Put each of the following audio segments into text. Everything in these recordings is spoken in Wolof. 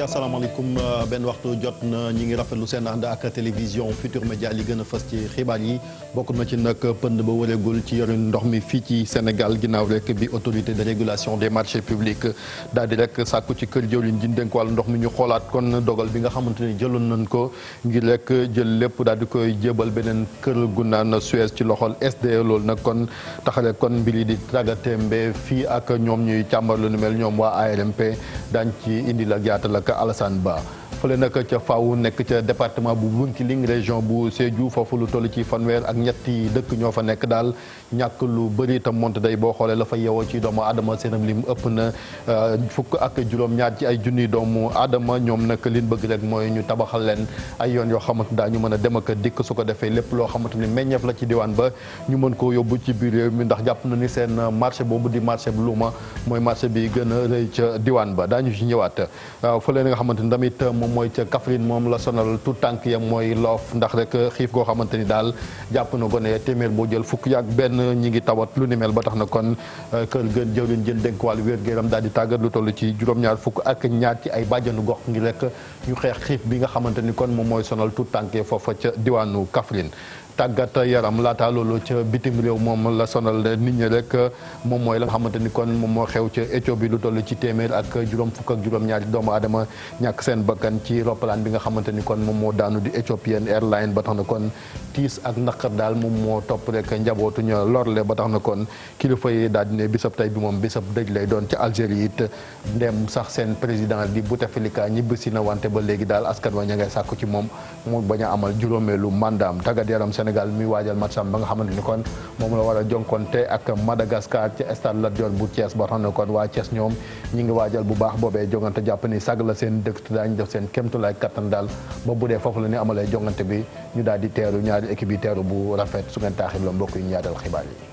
mbokki asalaamaaleykum euh, benn waxtu jot na ñi ngi rafet lu seen ànd ak télévision Futur Média li gën a fës ci xibaar yi bokk na ci nag pënd ba wëreegul ci yorin ndox mi fii ci Sénégal ginnaaw rek bi autorité de régulation des marchés publics daal di rek sàkku ci kër jëwlin ji dénk wàllu ndox mi ñu xoolaat kon dogal bi nga xamante ne jëloon nañ ko ngir rek jël lépp daal di koy jébal beneen kër gu naan Suez ci loxol SDE loolu nag kon taxale kon mbir yi di tàggatémbe fii ak ñoom ñuy càmbar nu mel ñoom waa ARMP ci indi Alassane Ba fële nag ca Faou nekk ca département bu Bounkiling région bu Sédhiou foofu lu toll ci fanweer ak ñetti dëkk ñoo fa nekk daal ñàkk lu bëri itam monte day boo xoolee la fa yeewoo ci doomu aadama seenam lim ëpp na euh, ak juróom-ñaar ci ay junni doomu aadama ñoom nag liñ bëgg rek mooy ñu tabaxal leen ay yoon yoo xamante daa ñu mën a dem ak dikk su ko defee lépp loo xamante ni meññeef la ci diwaan ba ñu mën ko yóbbu ci biir yooyu mi ndax jàpp na ni seen marché boobu di marché bu luuma mooy marché bi gën a rëy ca diwaan ba daañu ci ñëwaat euh, moom mooy ca Kaffrine moom la sonal tout tànk yam mooy loof ndax rek xiif goo xamante ni daal jàpp na gone téeméer boo jël fukk yaak benn ñi ngi tawat lu ni mel ba tax na kon euh, kër gën jëwriñ jën dénk wàllu wér-gu-yaram daal di tàggat lu toll ci juróom-ñaar fukk ak ñaar ci ay bàjjanu gox ngi rek ñu xeex xiif bi nga xamante ni kon moom mooy sonal tout tànk foofa ca diwaanu Kaffrine tàggat yaram laata loolu ca bitim réew moom la sonal nit ñi rek moom mooy la nga xamante ni kon moom moo xew ca Éthiopie lu toll ci téeméer ak juróom fukk ak juróom-ñaari doomu aadama ñàkk seen bakkan ci roppalaan bi nga xamante ni kon moom moo daanu di Ethiopian Airlines ba tax na kon tiis ak naqar daal moom moo topp rek njabootuñu lorle ba tax na kon kilifa yi daal di ne bisab tey bi moom bisab dëj lay doon ca Algérie it ndem sax seen président di Bouteflika ñibbisi na wante ba léegi daal askan wa ña ngay sàkku ci moom mu a amal juróomeelu Sénégal mi waajal match ba nga xamante ni kon moom la war a jonkonte ak Madagascar ci stade Lat Dior bu Thiès ba xam ne kon waa Thiès ñoom ñi ngi waajal bu baax boobee jongante jàpp ni sàgg la seen dëkk te daañu def seen kéemtulaay kattan daal ba bu dee foofu la ñu amalee jongante bi ñu daal di teeru ñaari équipe yi teeru bu rafet su ngeen la mbokk ñu yaatal xibaar yi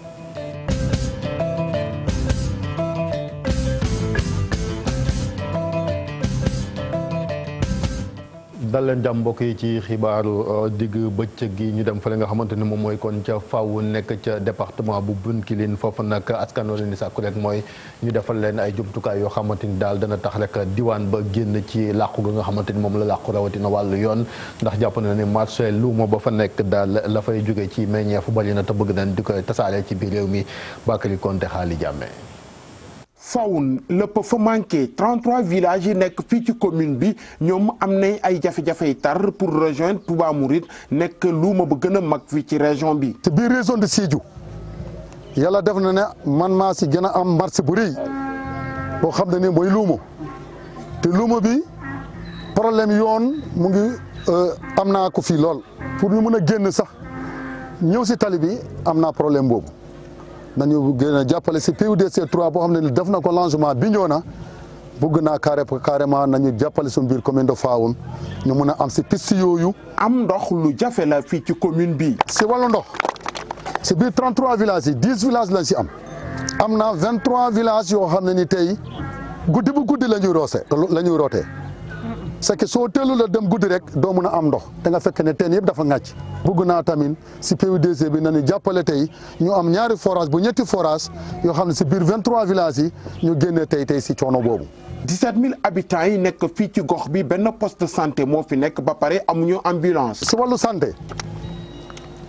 dal leen jàmm mbokk yi ci xibaaru euh, digg bëccëg gi ñu dem fële nga xamante ni moom mooy kon ca faw nekk ca département bu Bounkiling foofu nag askan wi leen di sàkku rek mooy ñu defal leen ay jumtukaay yoo xamante ni daal dana tax rek diwaan ba génn ci làqu ga nga xamante ni moom la làqu rawatina wàllu yoon ndax jàpp na ne marché luuma ba fa nekk daal la fay jóge ci meññeefu bari na te bëgg nañ di koy tasaale ci biir réew mi Bakary Konte xaali jàmme fawn lépp fa manqué 33 villages yi nekk fii ci commune bi ñoom am nañ ay jafe-jafe yi tar pour rejoindre Touba Mouride nekk luuma bu gën a mag fii ci région bi. ci biir région de Sédhiou yàlla def na ne man maa si gën a am marché bu rëy boo xam ne ni mooy luuma te luuma bi problème yoon mu ngi euh, am naa ko fi lool pour ñu mën a génn sax ñëw si tali bi am naa problème boobu. nañu gën a jàppale si PUDC 3 bo xam ne def na ko lancement Bignona bëgg naa carré carrément nañu jàppale suñu biir commune de Faoun ñu mun a am si piste yooyu. am ndox lu jafe la fii ci commune bi si wàllu ndox si biir 33 villages yi 10 villages lañ si am am na 23 villages yoo xam na ni tey guddi bu guddi la ñuy roose la ñuy rootee. c'est que soo teelul a dem guddi rek doo mun a am ndox danga nga ne teen yëpp dafa ŋàcc bugg naa tamit si PUDC bi nañu jàppale tey ñu am ñaari forage bu ñetti forage yoo xam ne si biir 23 villages yi ñu génne tey tey si coono boobu 17000 habitants yi nekk fii ci gox bi benn poste santé moo fi nekk ba pare amuñu ambulance si wàllu santé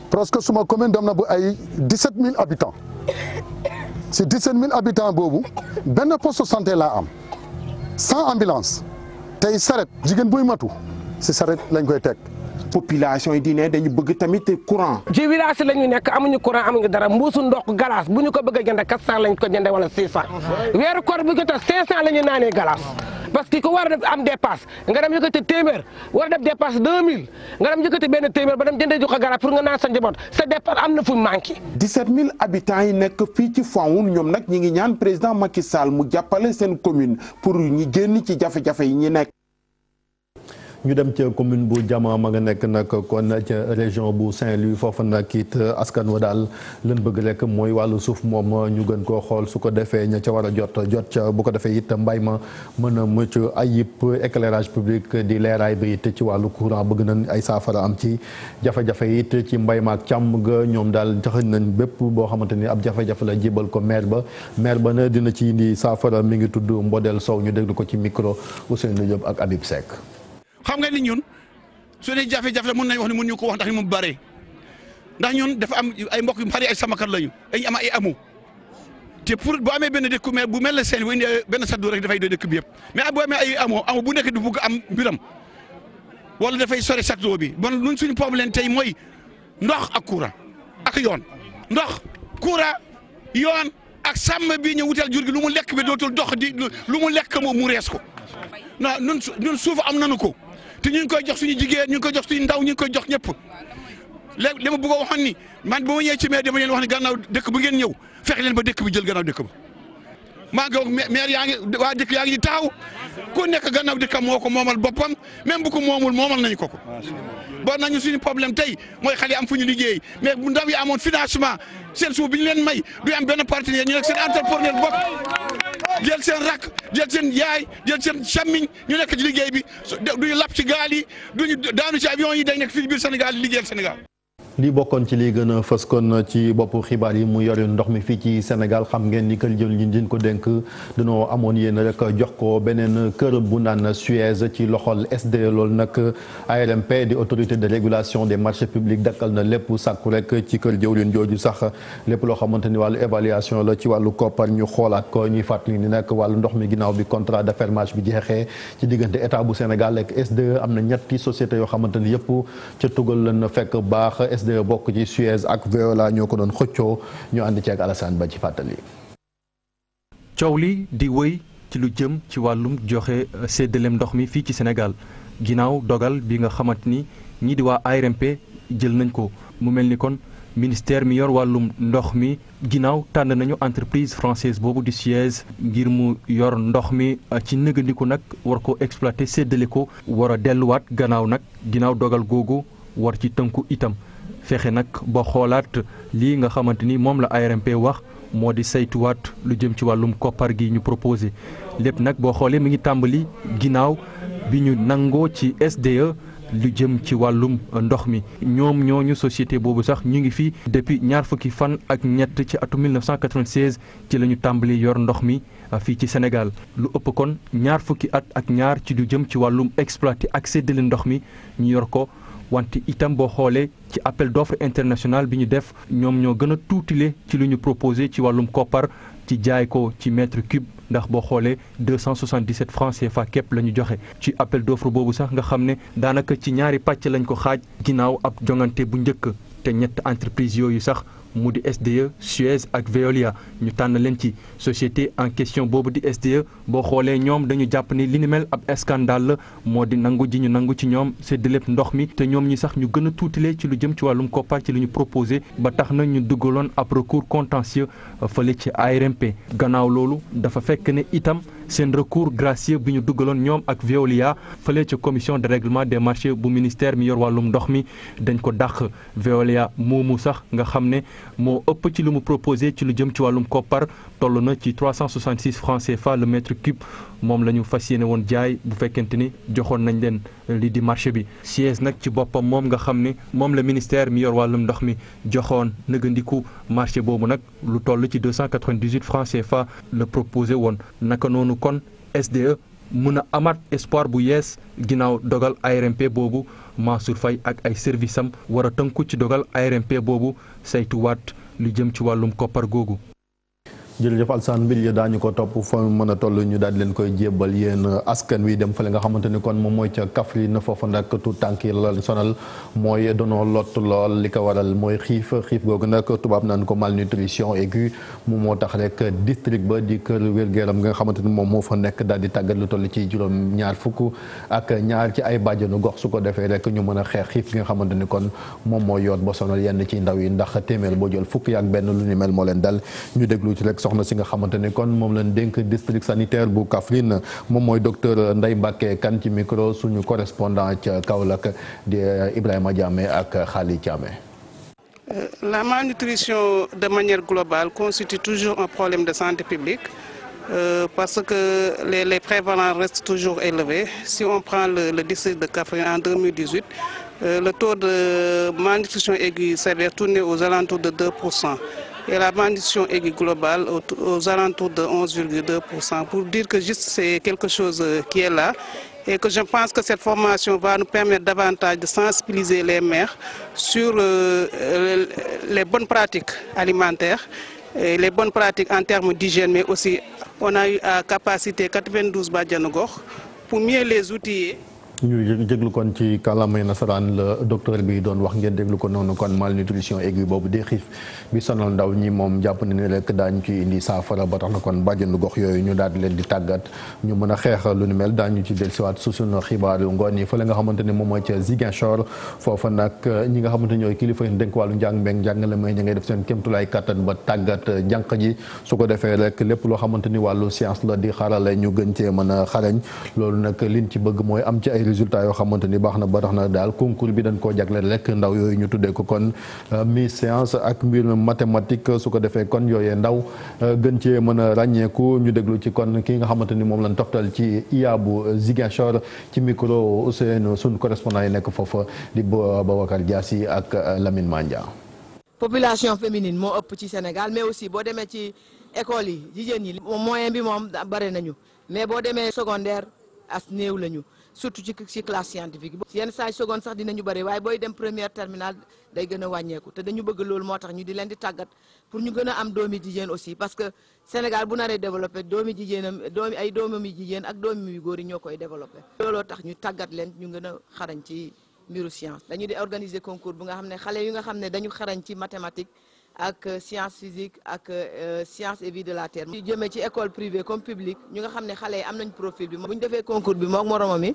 presque suma commune dem na bu ay 17000 habitants si 17000 habitants boobu benn post santé laa am cent ambulance tey saret jigéen buy matu si saret lañ koy teg. population yi di ne dañu bëgg tamit courant. ci village la nekk amuñu courant amuñu dara mbuusu ndox galas bu ñu ko bëgg a jënd 400 lañ ko jëndee wala 600. weeru koor bu jot a 500 la ñu galas. parce que ku war a def am dépasse nga dem war a def dépasse 2000 nga dem yëkkati benn téeméer ba dem jëndee ju naan sa njaboot sa dépasse am na fu manqué. 17000 habitants yi nekk fii ci Fawoun ñoom nag ñi ngi ñaan président Macky Sall mu jàppale seen commune pour ñu génn ci jafe-jafe yi ñi nekk. ñu dem ca commune bu Diama ma nga nekk nag kon ca région bu Saint-Louis foofa nag kiit askan wa daal lan bëgg rek mooy wàllu suuf moom ñu gën koo xool su ko defee ñu ca war jot jot ca bu ko defee it mbay ma mën a mucc yipp éclairage public di leeraay ba it ci wàllu courant bëgg nañ ay saafara am ci jafe-jafe it ci mbay ma ak càmm ga ñoom daal joxe nañ bépp boo xamante ni ab jafe-jafe la jébal ko maire ba maire ba na dina ci indi saafara mi ngi tudd Mbodel Sow ñu déglu ko ci micro Ousseynou Diop ak Habib Seck xam nga ni ñun su ne jafe mën nañ wax ne mën ñu ko wax ndax ñu mu bare ndax ñun dafa am ay mbokk yu bari ay samakat lañu dañu am ay amu te pour bu amee benn dëkku mais bu mel ne seen bu indee benn saddu rek dafay doy dëkk bi yëpp mais bu amee ay amoo bu nekk du bugg am mbiram wala dafay sore saddu bi bon ñun suñu problème tey mooy ndox ak courant ak yoon ndox courant yoon ak sàmm bi ñu wutal jur gi lu mu lekk bi dootul dox di lu mu lekk mu rees ko non ñun suuf am nañu ko. te ñun koy jox suñu jigéen ñu ngi koy jox suñu ndaw ñu ngi koy jox ñëpp léegi li ma bëgg a waxoon ni man ba ma ñëwee ci maire dama ne gannaaw dëkk bu ngeen ñëw fexe leen ba dëkk bi jël gannaaw dëkk ba maa ngi wax maire yaa ngi waa dëkk yaa ngi taxaw ku nekk gannaaw dëkkam moo ko moomal boppam même bu ko moomul moomal nañu ko ko. ba nañu suñu problème tey mooy xale am fu ñu liggéey mais bu ndaw yi amoon financement seen suuf bi ñu leen may du am benn partenaire ñu nekk seen entrepreneur bopp. jël seen rakk jël seen yaay jël seen càmmiñ ñu nekk ci liggéey bi duñu lap ci gaal yi duñu daanu ci avion yi day nekk fii biir Sénégal liggéeyal Sénégal. li bokkoon ci li gën a ci boppu xibaar yi mu yore ndox mi fii ci Sénégal xam ngeen ni kër jël ñu din ko dénk dañoo amoon yéen rek jox ko beneen kër bu naan Suez ci loxol SDE loolu nag ARMP di autorité de régulation des marchés publics dakkal na lépp sàkku rek ci kër jëwlin jooju sax lépp loo xamante ni wàllu évaluation la ci wàllu koppar ñu xoolaat ko ñuy fàttali ni nag wàllu ndox mi ginnaaw bi contrat d'affermage bi jeexee ci diggante état bu Sénégal ak SDE am na ñetti société yoo xamante ni yëpp 2 bokk ci Suez ak Veolia ñoo ko doon xëccoo ñu ànd ci ak ba ci fàttali. coow li di woy ci lu jëm ci wàllum joxe euh, séddaleem ndox mi fii ci senegal ginnaaw dogal bi nga xamante ni ñi di waa ARMP jël nañ ko mu mel ni kon. ministère mi yor wàllum ndox mi ginnaaw tànn nañu entreprise française boobu di Suez ngir mu yor ndox mi euh, ci nëgandiku nag war ko exploité séddale ko war a delluwaat gannaaw nag ginnaaw dogal googu war ci tënku itam fexe nag boo xoolaat lii nga xamante ni moom la ARMP wax moo di saytuwaat lu jëm ci wàllum koppar gi ñu proposé lépp nag boo xoolee mi ngi tàmbali ginnaaw bi ñu nangoo ci SDE lu jëm ci wàllum ndox mi ñoom ñooñu société boobu sax ñu ngi fi depuis ñaar fukki fan ak ñett ci atum 1996 ci la ñu tàmbali yor ndox mi ah, fii ci Sénégal lu ëpp kon ñaar fukki at ak ñaar ci lu jëm ci wàllum exploité ak séddale ndox mi ñu yor ko wante itam boo xoolee ci appel d'offre international bi ñu def ñoom ñoo gën a tuutile ci lu ñu proposé ci wàllum koppar ci jaay ko ci mètre cube ndax boo xoolee 277 francs CFA képp la joxe ci appel d'offre boobu sax nga xam ne daanaka ci ñaari pàcc lañ ko xaaj ginnaaw ab jongante bu njëkk te ñett entreprise yooyu sax mu di SDE Suez ak Veolia ñu tànn leen ci société en question boobu di SDE boo xoolee ñoom dañu jàpp ni li ni mel ab scandale la moo di nangu ji ñu nangu ci ñoom séddaleeb ndox mi te ñoom ñi sax ñu gën a tuutile ci lu jëm ci wàllum koppar ci li ñu proposé ba tax na ñu duggaloon ab recours contentieux euh, fële ci ARMP gannaaw loolu dafa fekk ne itam seen recours gracieux bi ñu duggaloon ñoom ak Veolia fële ci commission de règlement des marché bu ministère mi yor wàllum ndox mi dañ ko dàq Veolia moomu sax nga xam ne moo ëpp ci li mu proposé ci lu jëm ci wàllum koppar toll na ci 366 francs CFA le mètre cube moom la ñu fas yéene woon jaay bu fekkente ni joxoon nañ leen lii di marché bi. siège nag ci boppam moom nga xam ni moom la ministère mi yor wàllum ndox mi joxoon nëgëndiku marché boobu nag lu toll ci 298 francs CFA la proposé woon naka noonu kon mun a amaat espoir bu yees ginnaaw dogal ARMP boobu Mansour Faye ak ay service am war a tënku ci dogal ARMP boobu saytuwaat lu jëm ci wàllum koppar googu jërëjëf Alsaan mbir ya daañu ko topp fa mën a ñu daal leen koy jébbal yéen askan wi dem fële nga xamante ni kon moom mooy ca Kaffrine foofa nag tu tànk yi la sonal mooy lot lool li ko waral mooy xiif xiif googu nag tubaab naan ko malnutrition aiguë moom moo tax rek district ba di kër wér-gu-yaram nga nga xamante ni moom moo fa nekk daal di tàggat lu toll ci juróom ñaar fukk ak ñaar ci ay bàjjenu gox su ko defee rek ñu mën a xeex xiif nga xamante ni kon moom moo yoot ba sonal yenn ci ndaw yi ndax téeméer boo jël fukk yaak benn lu ni mel moo leen dal ñu déglu ci rek soxna si nga xamante ne kon moom lañ dénk district sanitaire bu Kaffrine moom mooy docteur Ndeye Mbacké Kane ci micro suñu correspondant ca Kaolack di euh, Ibrahima Diamé ak Khali Diamé. Euh, la malnutrition de manière globale constitue toujours un problème de santé publique euh, parce que les, les prévalents restent toujours élevés. Si on prend le, district de Kaffrine en euh, le taux de malnutrition aiguë sévère tournait aux alentours de et la malnutrition aiguë globale aux, alentours de 11,2%. Pour dire que juste c'est quelque chose euh, qui est là et que je pense que cette formation va nous permettre davantage de sensibiliser les mères sur euh, les bonnes pratiques alimentaires et les bonnes pratiques en termes d'hygiène, mais aussi capacité 92 Badianogor pour mieux ñu déglu kon ci kàllaamay nasaraan la docteur bi doon wax ngeen déglu ko noonu kon malnutrition aiguë boobu dee xiif bi sonal ndaw ñi moom jàpp na ni rek daañu ci indi saafara ba tax na kon bàjjenu gox yooyu ñu daal di leen di tàggat ñu mën a xeex lu ni mel daañu ci dellusiwaat su sunu xibaaru ngoon yi fële nga xamante ne moom mooy ca Ziguinchor foofa nag ñi nga xamante ñooy kilifa yi dénk wàllu njàng meeg njàngale may ña ngay def seen kéemtulaay kattan ba tàggat jànq ji su ko defee lépp loo xamante ni wàllu science la di xarale ñu gën cee mën a xarañ loolu nag liñ ci bëgg mooy am ci résultats yoo xamante ni baax na ba tax na daal concours bi dañ koo jagleel rek ndaw yooyu ñu tuddee ko kon euh, mi séance ak mbir mathématique su ko defee kon yooyee ndaw euh, gën cee mën a ràññeeku ñu déglu ci kon ki nga xamante ni moom lañ toftal ci IA bu Ziguinchor ci micro Ousseynou suñu correspondant yi nekk foofa di Babacar Diassi ak euh, Lamine Mandia. population féminine moo ëpp ci Sénégal mais aussi boo demee ci école yi jigéen ñi moyen bi moom bare nañu surtout ci ci classe scientifique bi yenn saa seconde sax dinañu bëri waaye booy dem première terminale day gën a wàññeeku te dañu bëgg lool moo tax ñu di leen di tàggat pour ñu gën a am doomi jigéen aussi parce que Sénégal bu naree développé doomi jigéenam doomi ay doomam yi jigéen ak doomam yu góor ñoo koy développé looloo tax ñu tàggat leen ñu gën a xarañ ci mbiru science dañu di organiser concours bu nga xam ne xale yu nga xam ne dañu xarañ ci mathématique ak euh, science physique ak euh, science et vie de la terre. ñu jëmee ci école privée comme publique ñu nga xam ne xale yi am nañ profil bi bu ñu defee concours bi moom moromam yi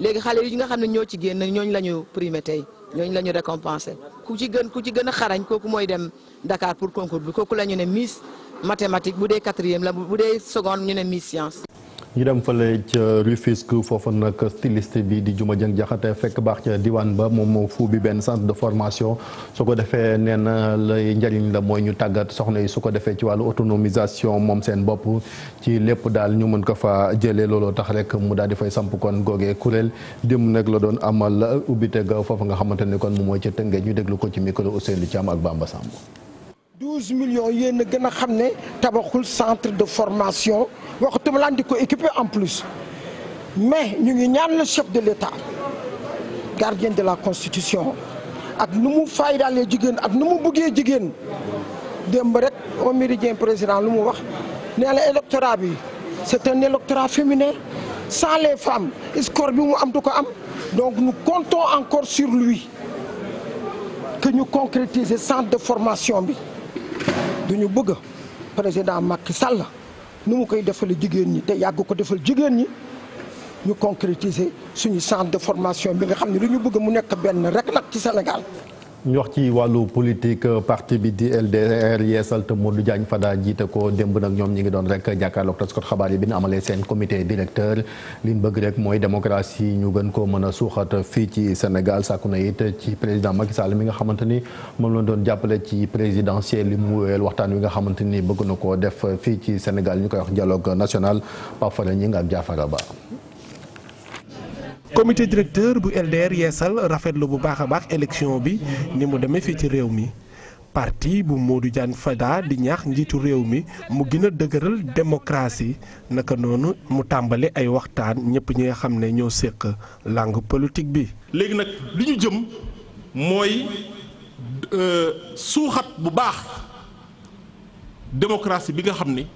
léegi xale yi nga xam ne ñoo ci génn ñooñu la ñu primé tey ñooñu la ñu récompensé ku ci gën ku ci gën a xarañ kooku mooy dem Dakar pour concours bi kooku la ñu ne Miss mathématique bu dee quatrième la bu dee seconde ñu ne Miss science. ñu dem fa fële ca Rufisque foofa nag styliste bi di Juma Jëng Jaxate fekk baax ca diwaan ba moom moo fu bi benn centre de formation su ko defee nee na lay la mooy ñu tàggat soxna yi su ko defee ci wàllu autonomisation moom seen bopp ci lépp daal ñu mën ko fa jëlee looloo tax rek mu daal di fay samp kon googee kuréel démb nag la doon amal ubbite ga foofu nga xamante ni kon moom mooy ca tënge ñu déglu ko ci micro Ousseynou Thiam ak Bamba Samb douze millions yéen a gën a xam ne tabaxul centre de formation waxatuma laan di ko équipe en plus mais ñu ngi ñaan le chef de l'État gardien de la constitution ak nu mu faydaalee jigéen ak nu mu bëggee jigéen démb rek au président lu mu wax nee na électorat bi c'est un électorat féminin sans les femmes score bi mu am du ko am donc nous comptons encore sur lui que ñu concrétiser centre de formation bi du ñu bëgg président Macky Sall nu mu koy defalee jigéen ñi te yàgg ko defal jigéen ñi ñu concrétiser suñu centre de formation bi nga xam ne lu ñu bëgg mu nekk benn rek nag ci Sénégal ñu wax ci wàllu politique euh, parti bi di LDR yeesal te Modou Diagne Fada jiite ko démb nag ñoom ñi ngi doon rek jàkkaarloog taskot xabaar yi bi ñu amalee seen comité directeur li ñu bëgg rek mooy démocratie ñu gën koo mën a suuxat fii ci Sénégal sàkku na it ci président Macky Sall mi nga xamante ni moom la doon jàppale ci présidentiel li mu wéyal waxtaan wi nga xamante ni bëgg na koo def fii ci Sénégal ñu koy wax dialogue national Pape Fara ñi nga ak Jaafara Ba commité directeur bu LDR yeesal rafetlu bu baax a baax élection bi ni mu demee fii ci réew mi parti bu Modou Diagne Fada di ñaax njiitu réew mi mu gën a dëgëral démocratie naka noonu mu tàmbali ay waxtaan ñëpp ñi nga xam ne ñoo séq langue politique bi. léegi nag li ñu jëm mooy euh, suuxat bu baax démocratie bi nga xam ni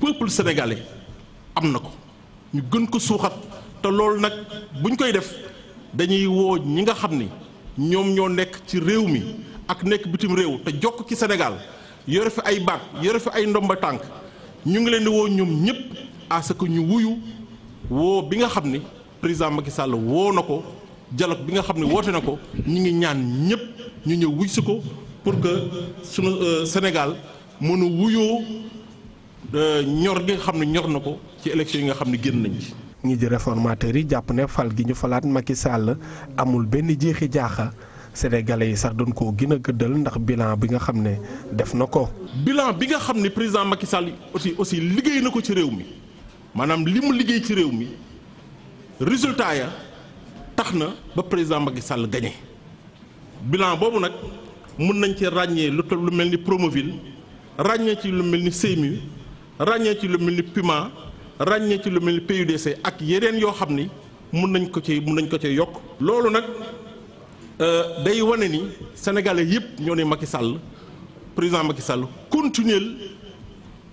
peuple sénégalais am na ko ñu gën ko suuxat. te loolu nag buñ koy def dañuy woo ñi nga xam ni ñoom ñoo nekk ci réew mi ak nekk bitim réew te jokk ci Sénégal yore fi ay baat yore fi ay ndomba tànk ñu ngi leen di woo ñoom ñëpp à ce que ñu wuyu woo bi nga xam ni président Macky Sall woo na ko dialogue bi nga xam ne woote na ko ñu ngi ñaan ñëpp ñu ñëw wuy si ko pour que sunu euh, Sénégal mënu a wuyoo euh, ñor gi xam ne ñor na ko ci élection yi nga xam ne génn nañ ci. ñi di réformateur yi jàpp ne fal gi ñu falaat Macky Sall amul benn jeexi jaaxa sénégalais yi sax doon koo gën a gëddal ndax bilan bi nga xam ne def na ko. bilan bi nga xam ne président Macky Sall aussi aussi liggéey na ko ci réew mi maanaam li mu liggéey ci réew mi résultat ya tax na ba président Macky Sall gagné bilan boobu nag mun nañ ci ràññee lu toll lu mel ni Promoville ràññee ci lu mel ni Seymi ràññee ci lu mel ni Puma. ràññee ci lu mel ni PUDC ak yeneen yoo xam ni mun nañ ko ci mun nañ ko ci yokk loolu nag euh, day wane ni sénégalais yëpp ñoo ne Macky Sall président Macky Sall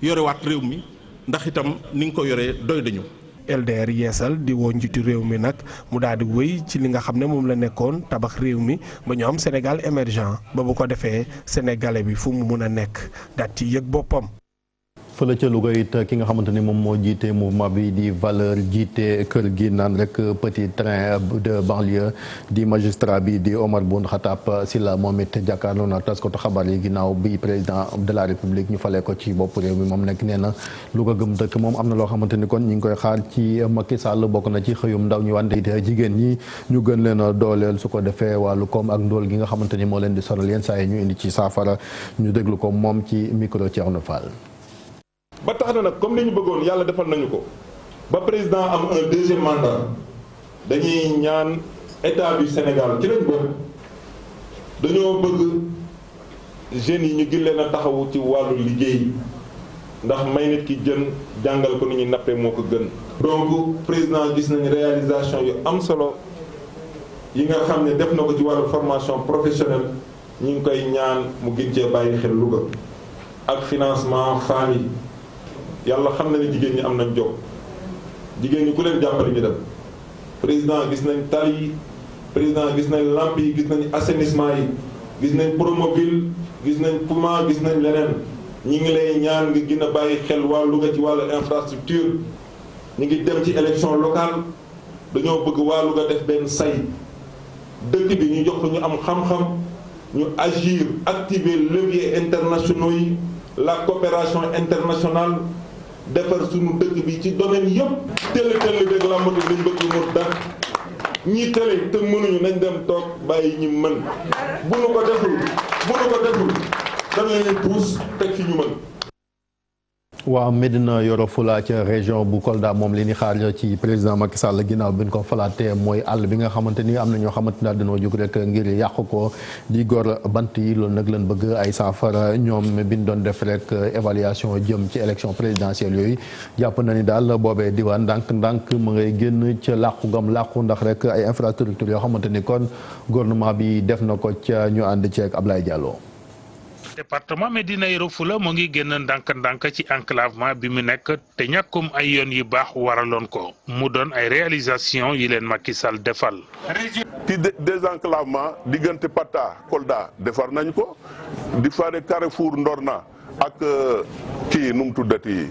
yore waat réew mi ndax itam ni nga ko yore doy dañu LDR yeesal di woo njiitu réew mi nag mu daal di wéy ci li nga xam ne moom la nekkoon tabax réew mi ba ñu am Sénégal émergent ba bu ko defee sénégalais bi fu mu mun a nekk daal ci yëg boppam fële ca Louga it ki nga xamante ni moom moo jiite mouvement bi di valeur jiite kër gi naan rek petit train de banlieue di magistrat bi di Omar Boun si la moom it jàkkaarloo na taskatu xabaar yi ginnaaw bi président de la république ñu falee ko ci bopp réew mi moom nekk nee na Louga gëm dëkk moom am na loo xamante ni kon ñu ngi koy xaar ci Macky Sall bokk na ci xëyum ndaw ñu wante it jigéen ñi ñu gën leen a dooleel su ko defee wàllu koom ak gi nga xamante ni moo leen di soral yenn saa yi ñu indi ci saafara ñu déglu ko moom ci micro Thierno Fall ba tax na nag comme li ñu bëggoon yàlla defal nañu ko ba président am un deuxième mandat dañuy ñaan état du Sénégal ci lañ bokk dañoo bëgg jeunes yi ñu gillee na taxawu ci wàllu liggéey ndax may nit ki jën jàngal ko ni ñuy nappee moo ko gën. donc président gis nañu réalisation yu am solo yi nga xam ne def na ko ci wàllu formation professionnelle ñu ngi koy ñaan mu gën cee bàyyi xel Louga ak financement famille yàlla xam na ne jigéen ñi am nañ jog jigéen ñu ku leen jàppale ñu dem président gis nañ tali yi président gis nañ lamp yi gis nañ assainissement yi gis nañ Promoville gis nañ Puma gis nañ leneen ñi ngi lay ñaan nga gën a bàyyi xel waa Louga ci wàllu infrastructure ñu ngi dem ci élection locale dañoo bëgg waa nga def benn say dëkk bi ñu jox ñu am xam-xam ñu agir activer levier internationaux yi la coopération internationale defar sunu dëkk bi ci domaine yëpp tële tële beeg làmbatu bi ñu bëgg mu dara ñii tële te mënuñu nañ dem toog bàyyi ñi mën bu nu ko deful bu nu ko deful dañ leen puus teg fi ñu mën. waaw Medina Yoro Fula ca région bu Kolda moom li ni xaar ci président Macky Sall ginnaaw bi ñu ko falaatee mooy àll bi nga xamante ni am na ñoo xamante daal dañoo jóg rek ngir yàq ko di gor bant yi loolu nag lañ bëgg ay saafara ñoom bi ñu doon def rek évaluation jëm ci élection présidentielle yooyu jàpp na ni daal boobee diwaan ndànk-ndànk mu ngay génn ca làqu gam làqu ndax rek ay infrastructure yoo xamante ni kon gornement bi def na ko ca ñu ànd ceeg Ablaye Diallo. département Médina Yoro Foulah mu ngi génn ndànk-ndànk ci enclavement bi mu nekk te ñàkkum ay yoon yu baax waraloon ko mu doon ay réalisation yi leen Macky Sall defal. ci désenclavement diggante Pata Kolda defar nañ ko di fare Carrefour Ndorna ak euh, kii nu mu tuddati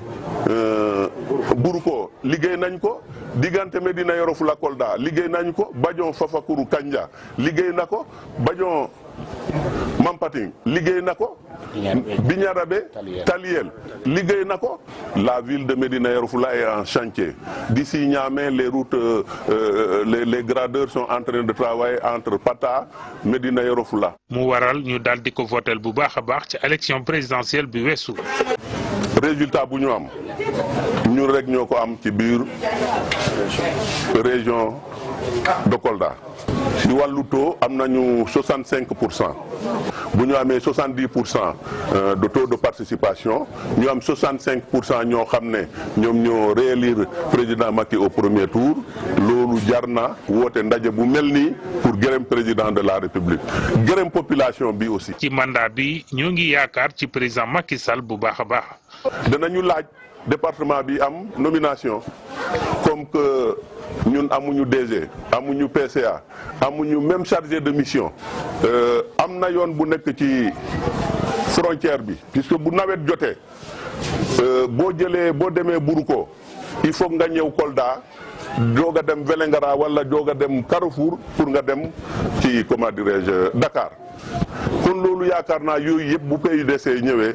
euh, ko liggéey nañ ko diggante Médina Yoro Foulah Kolda liggéey nañ ko Badion Fafakuru Kanja liggéey na ko Badion. Mampating liggéey na ko. Bignarabé Taliel liggéey na ko. la ville de Médina Yoro Foulah est en chantier d'ici les routes euh, euh, les les gradeurs sont en train de travailler entre Pata Médina Yoro mu waral ñu daal di ko votel bu baax a baax ci élection présidentielle bi weesu. résultat bu ñu am ñun rek ñoo ko am ci biir région de ci wàllu taux am nañu 65 pour cent bu ñu amee 70 pour cent euh, de taux de participation ñu am 65 pour cent ñoo xam ne ñoom ñoo réélire président Macky au premier tour loolu jar na woote ndaje bu mel ni pour gërëm président de la république gërëm population bi aussi. ci mandat bi ñu ngi yaakaar ci président Macky Sall bu baax a baax. ñu laaj département bi am nomination comme que ñun amuñu DG amuñu PCA amuñu même chargé de mission euh, am na yoon bu nekk ci frontière bi puisque bu nawet jotee euh, boo jëlee boo demee Buruko il faut nga ñëw Kolda doog a dem Vélingara wala doog a dem Carrefour pour nga dem ci comment dirais-je Dakar kon loolu yaakaar naa yooyu yëpp bu PUDC ñëwee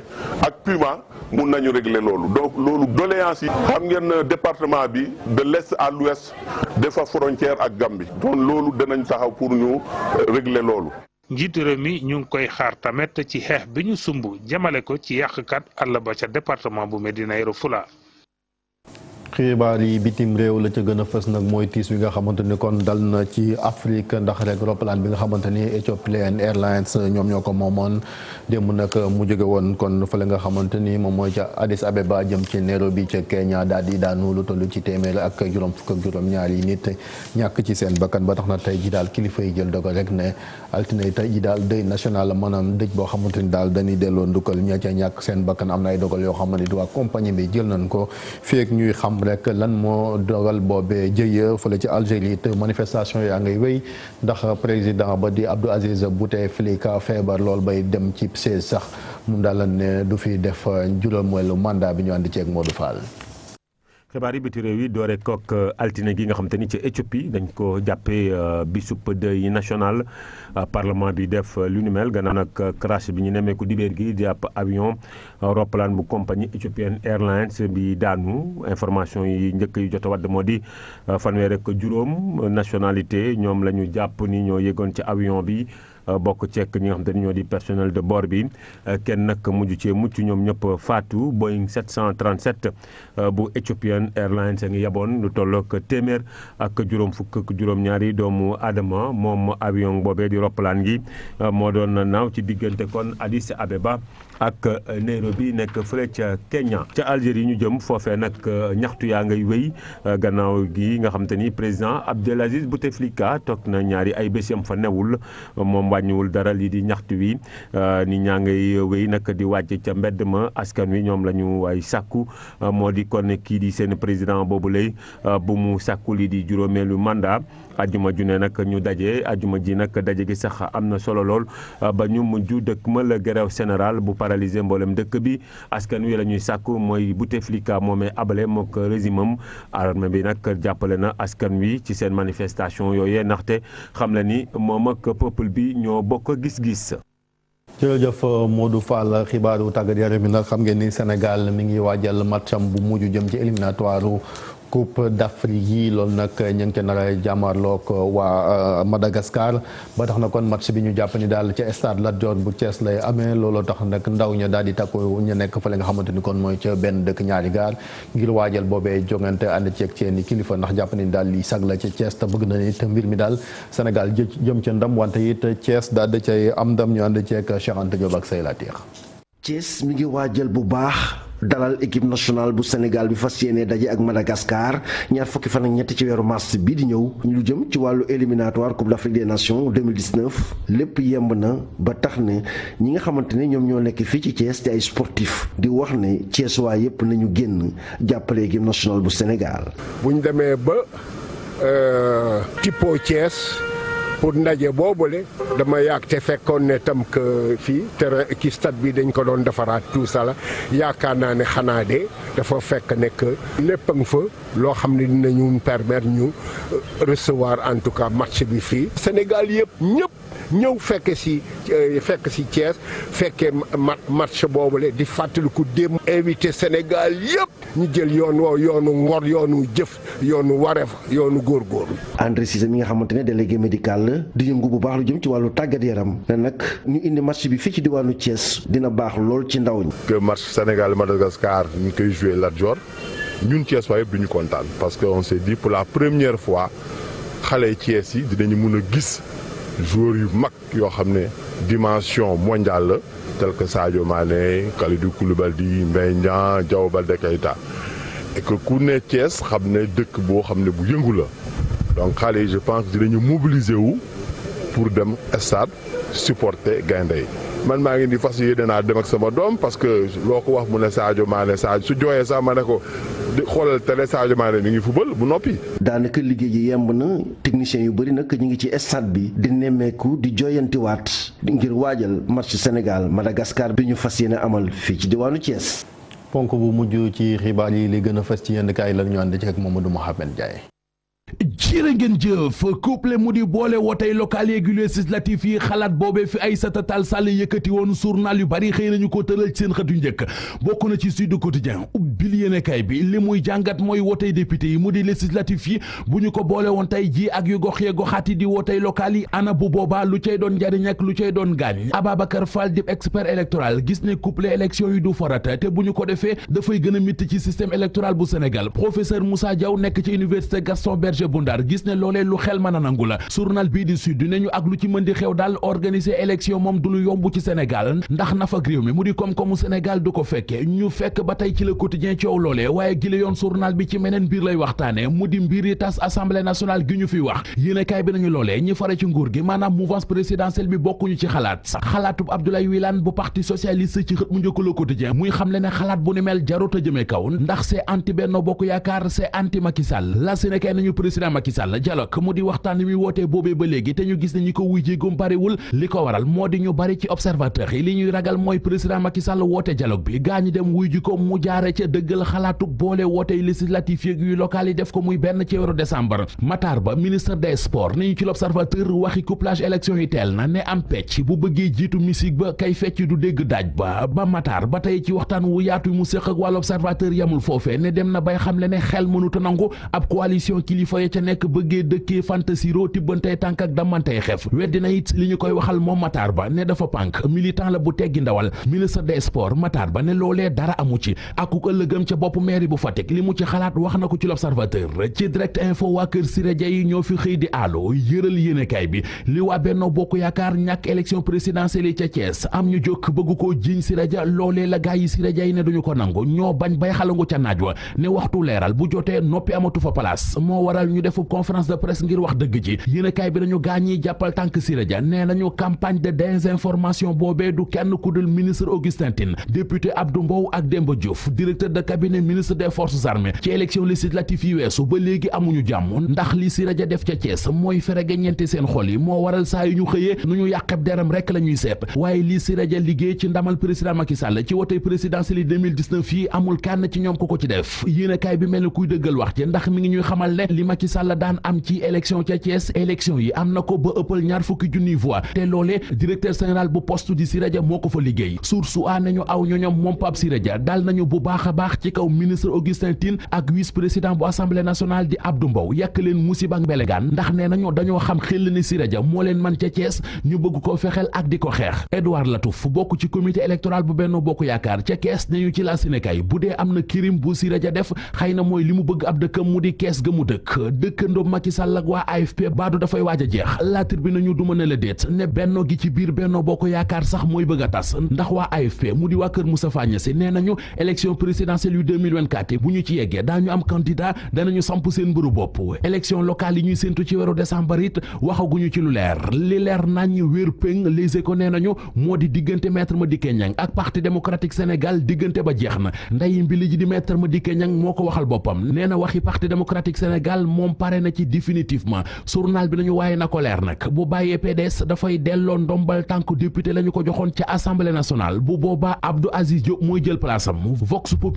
ak Puma mun nañu régler loolu donc loolu doléance yi. xam ngeen euh, département bi de l'est à de dafa frontière ak Gambie donc loolu danañ taxaw pour ñu euh, régler loolu. njiitu réew mi ñu ngi koy xaar tamit ci xeex bi ñu sumb jëmale ko ci yàqkat àll ba ca département bu medina Yoro Foulah xibaar yi bitim réew la ca gën a fës nag mooy tiis wi nga xamante ni kon dal na ci Afrique ndax rek roppalaan bi nga xamante ni Ethiopian Airlines ñoom ñoo ko moomoon démb nag mu jóge woon kon fële nga xamante ni moom mooy ca Addis Abeba jëm ci Nairobi ca Kenya daal di daanu lu toll ci téeméer ak juróom fukk juróom ñaar yi nit ñàkk ci seen bakkan ba tax na tey ji daal kilifa yi jël dogal rek ne altine tey ji daal deuil national maanaam dëj boo xamante ni daal dañuy delloo ndukkal ña ca ñàkk seen bakkan am na ay dogal yoo xamante ni waa compagnie bi jël nañ ko feek ñuy xam xam rek lan moo dogal boobee jëye fële ci Algérie te manifestation yaa ngay wéy ndax président ba di Abdou Aziz Bouteflika feebar lool bay dem ci siège sax mu daal ne du fi def juróomeelu mandat bi ñu ànd ceeg Modou Fall. xibaar yi biti réew yi doore kook euh, altine gi nga xam te ni ci Éthiopie dañ ko jàppee bi euh, bisub yi national euh, parlement bi def lu ni mel gannaaw nag crash bi ñu nemmeeku dibéer gi di ab avion roppalaan bu compagnie Ethiopian Airlines bi daanu information yi njëkk yi jot a moo di fanweer ak juróom nationalité ñoom la ñu jàpp ni ñoo yëgoon ci avion bi bokk ceek ñi nga xam te ñoo di personnel de bord bi kenn nag mujj cee mucc ñoom ñëpp faatu Boeing 737 euh, bu Ethiopian Airlines a ngi yaboon lu tollook téeméer ak juróom fukk ak juróom-ñaari doomu aadama moom avion boobee di roppalaan gi euh, moo doon naaw ci diggante kon Addis Abeba ak euh, Nairobi nekk fële ca Kenya ca Algérie ñu jëm foofe nag euh, ñaxtu yaa ngay wéy euh, gannaaw gi nga xam ni président Abdelaziz Bouteflika toog na ñaari ay bés yam fa newul moom wàññiwul dara lii di ñaxtu wi ni ñaa ngay wéy nag di wàcc ca mbedd ma askan wi ñoom la ñu waay sàkku moo di kon kii di seen président boobu lay bu mu sàkku lii di juróomeelu mandat ajuma ju ne nag ñu daje ajuma ji nag daje gi sax am na solo lool ah, ba ñu mujj dëkkmal grève générale bu paralysé mbooleem dëkk bi askan wi la ñuy sàkk mooy Bouteflika moomee abale mook régime am armée bi nag jàppale na askan wi ci seen manifestation yooyee ndaxte xam na ni moom ak peuple bi ñoo bokk gis-gis. jërëjëf Modou Fall xibaaru tàggat yaram bi nag xam ngeen ni Sénégal mi ngi waajal matcham bu mujj jëm ci éliminatoire coupe d'Afrique yi loolu nag ñu ngi ko nar a jàmmarloog euh, waa euh, Madagascar ba tax na kon match bi ñu jàpp ni daal ca stade Lat bu cees lay amee looloo tax nag ndaw ña daal di takku ñu nekk fa fële nga xamante ni kon mooy ca benn dëkk ñaari gaar ngir waajal boobee jongante ànd ceek seen i kilifa ndax jàpp nañu daal li sag la ca cees te bëgg na ni te mbir mi daal Sénégal jëm ca ndam wante it Thiès daal da cay am ndam ñu ànd ceeg Cheikh Anta Diop ak say Thiès mi ngi waajal bu baax dalal équipe nationale bu Sénégal bi fas yéene daje ak Madagascar ñaar fukki fan ak ñetti ci weeru mars bii di ñëw ñu jëm ci wàllu éliminatoire Coupe d'Afrique de Nations 2019 lépp yemb na ba tax ne ñi nga xamante ne ñoom ñoo nekk fii ci Thiès te ay sportif di wax ne Thiès waa yépp nañu génn jàppale équipe nationale bu Sénégal. bu demee ba euh, Tipo Thiès. pour ndaje boobule dama yaag te fekkoon ne tam que fii terrain ki stade bi dañ ko doon defaraat tout ça la yaakaar naa ne xanaa de dafa fekk nekk que lépp a ngi fa loo xam ne dinañu permettre ñu euh, recevoir en tout cas match bi fii. Sénégal yëpp ñëpp ñëw fekk si euh, fekk si Thiès fekkee mat match boobule di fàttaliku démb. invité Sénégal yëpp ñu jël yoon woo yoonu ngor yoonu jëf yoonu wareef yoonu góor góor André Cissé mi nga xamante ne délégué médical. Sall di yëngu bu baax lu jëm ci wàllu tàggat yaram ne nag ñu indi match bi fii ci diwaanu Thiès dina baax lool ci ndaw ñi. que match Sénégal Madagascar ñu koy joué Lat Dior ñun Thiès waa yëpp du ñu kontaan parce que on s'est dit pour la première fois xale Thiès yi dinañu mën a gis joueurs yu mag yoo xam ne dimension mondiale la tel que Sadio Mané Kalidou Koulibaly Mbaye Niang Diao Baldé Keita et que ku ne Thiès xam ne dëkk boo xam ne bu yëngu la. donc xale yi je pense dinañu mobiliser wu pour dem stade supporter gaynde yi man maa ngi di fas yéene naa dem ak sama doom parce que loo ko wax mu ne Sadio Mané Sadio su jooyee sax ma ne ko di xoolal télé Sadio Mané mi ngi fubal bu noppi. daanaka liggéey yi yemb na techniciens yu bëri nag ñu ngi ci stade bi di nemmeeku di jooyantiwaat ngir waajal match Sénégal Madagascar bi ñu fas yéene amal fii ci diwaanu Thiès. ponk bu mujj ci xibaar yi li gën a fas ci yenn kaay la ñu ànd ci ak Mamadou Mohamed jërë ngeen jëf couple mu di boole woo wootey local yeeg législatif yi xalaat boobee fi ay Tall Sall yëkkati woon journal yu bari xëy nañu ko tëral ci seen xët njëkk bokk na ci Sud Quotidien bil yéenekaay bi li muy jàngat mooy wootey député yi mu di législatif yi bu ñu ko boole woon tey ji ak yu gox yee goxaat yi di wootey local yi ana bu boobaa lu cay doon njariñ lu cay doon gaañ Ababacar Fall di expert électoral gis ne couplé élection yi du farata te bu ñu ko defee dafay gën a mitt ci système électoral bu Sénégal professeur Moussa Diaw nekk ci université Gaston Berger bu gis ne loolee lu xel mën a nangu la journal bii di sud ne ñu ak lu waxtaane coow loolee waaye gile yoon bi ci meneen mbir lay waxtaane mu di mbir yi tas assemblée nationale gi ñu fi wax yéenekaay bi nañu loolee ñi fare ci nguur gi maanaam mouvance présidentielle bi bokkuñu ci xalaat sax xalaatub Abdoulaye Wilane bu parti socialiste ci xët mu njëkk Le Quotidien muy xam le xalaat bu ni mel jarut a jëmee kaw ndax c'est anti Benno Bokk Yaakaar c'est anti Macky la Sénégal nañu président Macky Sall mu di waxtaan ba léegi li ko waral moo di yi li ñuy ragal mooy président Macky Sall woote dialogue bi gaa ñi dem dëggal xalaatu boole wootey législatif yeeg yu local yi def ko muy benn ci weeru décembre Matar Ba ministre des sports nañu ci l'observateur waxi couplage élection yi teel na ne am pecc bu bëggee jiitu musique ba kay fecc du dégg daaj ba ba Matar ba tey ci waxtaan wu yaatu mu séq ak wàllu observateur yamul foofe ne dem na bay xam le ne xel mënuta nangu ab coalition kilifa ya ca nekk bëggee dëkkee fantasiro tibbantey tànk ak damantey xef weddi na li ñu koy waxal moom Matar Ba ne dafa pànk militant la bu teggi ndawal ministre des sports Matar Ba ne loolee dara amu ci ak la gëm ca bopp mairie bu Fatick li mu ci xalaat wax na ko ci l'observateur ci direct info waa kër Siré Dia yi ñoo fi xëy di aalo yëral yéenekaay bi li waa yi ca Thiès am ñu jóg bëgg koo jiñ Siré Dia loolee la gaa yi Siré Dia yi ne duñu ko nangu ñoo bañ bay xalangu ca naaj wa ne waxtu leeral bu jotee noppi amatu fa place moo waral ñu defu conférence de presse ngir wax dëgg ji yéenekaay bi dañu gaañ yi jàppal tànk Siré Dia nee nañu campagne de désinformation boobee du kenn ku dul ministre Augustin Tine député Abdou Mbow ak Demba Diouf directeur de cabinet ministre des forces armées ci élection législative yi weesu ba léegi amuñu jàmm ndax li si raja def ca Thiès mooy ferege ñeenti seen xol yi moo waral saa yu ñu xëyee nu ñu yàqeb deram rek la ñuy seet waaye lii si raja liggéey ci ndamal président Macky Sall ci wote président yi 2019 yi amul kenn ci ñoom ko ko ci def yéenekaay bi mel ni kuy dëggal wax ci ndax mi ngi ñuy xamal ne li Macky Sall daan am ci élection ca Thiès élection yi am na ko ba ëppal ñaar fukki junniy voix te loolee directeur général bu poste di si raja moo ko fa liggéey source a nañu aw ñoñom moom Pape Siraja dal nañu bu baax maax ci kaw ministre Augustin Tine ak vice président bu assemblée nationale di Abdou Mbow yàkk leen musiba ndax nee nañu dañoo xam xel ni Siré Dia moo leen man ca Thiès ñu bëgg koo fexeel ak di ko xeex Edouard Latouf bokk ci comité électoral bu Benno Bokk Yaakaar ca kees nañu ci la Sénégal bu dee am na kirim bu Siré Dia def xëy na mooy li mu bëgg ab dëkkam mu di kees ga mu dëkk dëkkandoo Macky Sall ak waa AFP baadu dafay waaj a jeex la tribune ñu duma ne la déet ne benno gi ci biir Benno Bokk Yaakaar sax mooy bëgg a tas ndax waa AFP mu di waa kër Moustapha Niasse nee nañu présidentielle yu 2024 yi bu ñu ci yeggee daañu am candidat danañu samp seen mbëru bopp élection locale yi ñuy séntu ci weeru décembre it waxaguñu ci lu leer li leer nañ wér péng les éco nee nañu moo di diggante maître Madické Niang ak parti démocratique Sénégal diggante ba jeex na nday mbili ji di maître Madické Niang moo ko waxal boppam nee na waxi parti démocratique Sénégal moom pare na ci définitivement journal bi nañu waaye na ko leer nag bu bàyyee PDS dafay delloo ndombal tànk député la ko joxoon ca assemblée nationale bu boobaa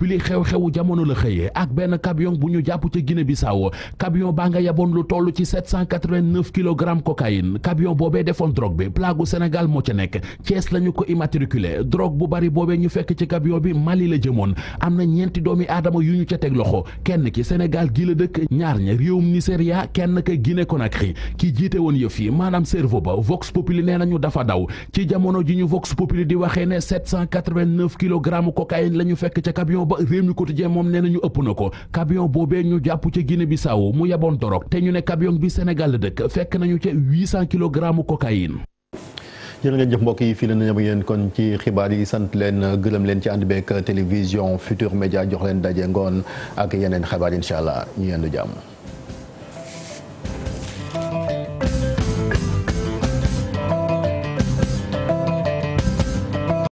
li xew-xewu jamono la xëyee ak benn camion bu ñu jàpp ca Guinée Bissau camion baa nga yaboon lu toll ci 789 kilogramme cocaïne camion boobee defoon drogue bi plagu Sénégal moo ca nekk Thiès la ko immatriculé drogue bu bari boobee ñu fekk ci camion bi Mali la jëmoon am na ñeenti doomi aadama yu ñu ca teg loxo kenn ki Sénégal gi la dëkk ñaar ña réewum Nigeria kenn ka Guinée Conakry ki jiite woon yëf yi maanaam cerveau ba Vox Populi nee nañu dafa daw ci jamono ji ñu Vox Populi di waxee ne 789 kilogramme cocaïne réew mi quotidien moom nee nañu ëpp na ko camion boobee ñu jàpp ca Guinée Bissau mu yeboon dorog te ñu ne camion bi Sénégal la dëkk fekk nañu ca kilo kilogramme cocaïne jërë ngeen jëf mbokk yi fii la ñu am yéen kon ci xibaar yi sant leen gërëm leen ci ànd beeg télévision Futur Média jox leen daje ngoon ak yeneen xibaar incha allah ñu yendu jàmm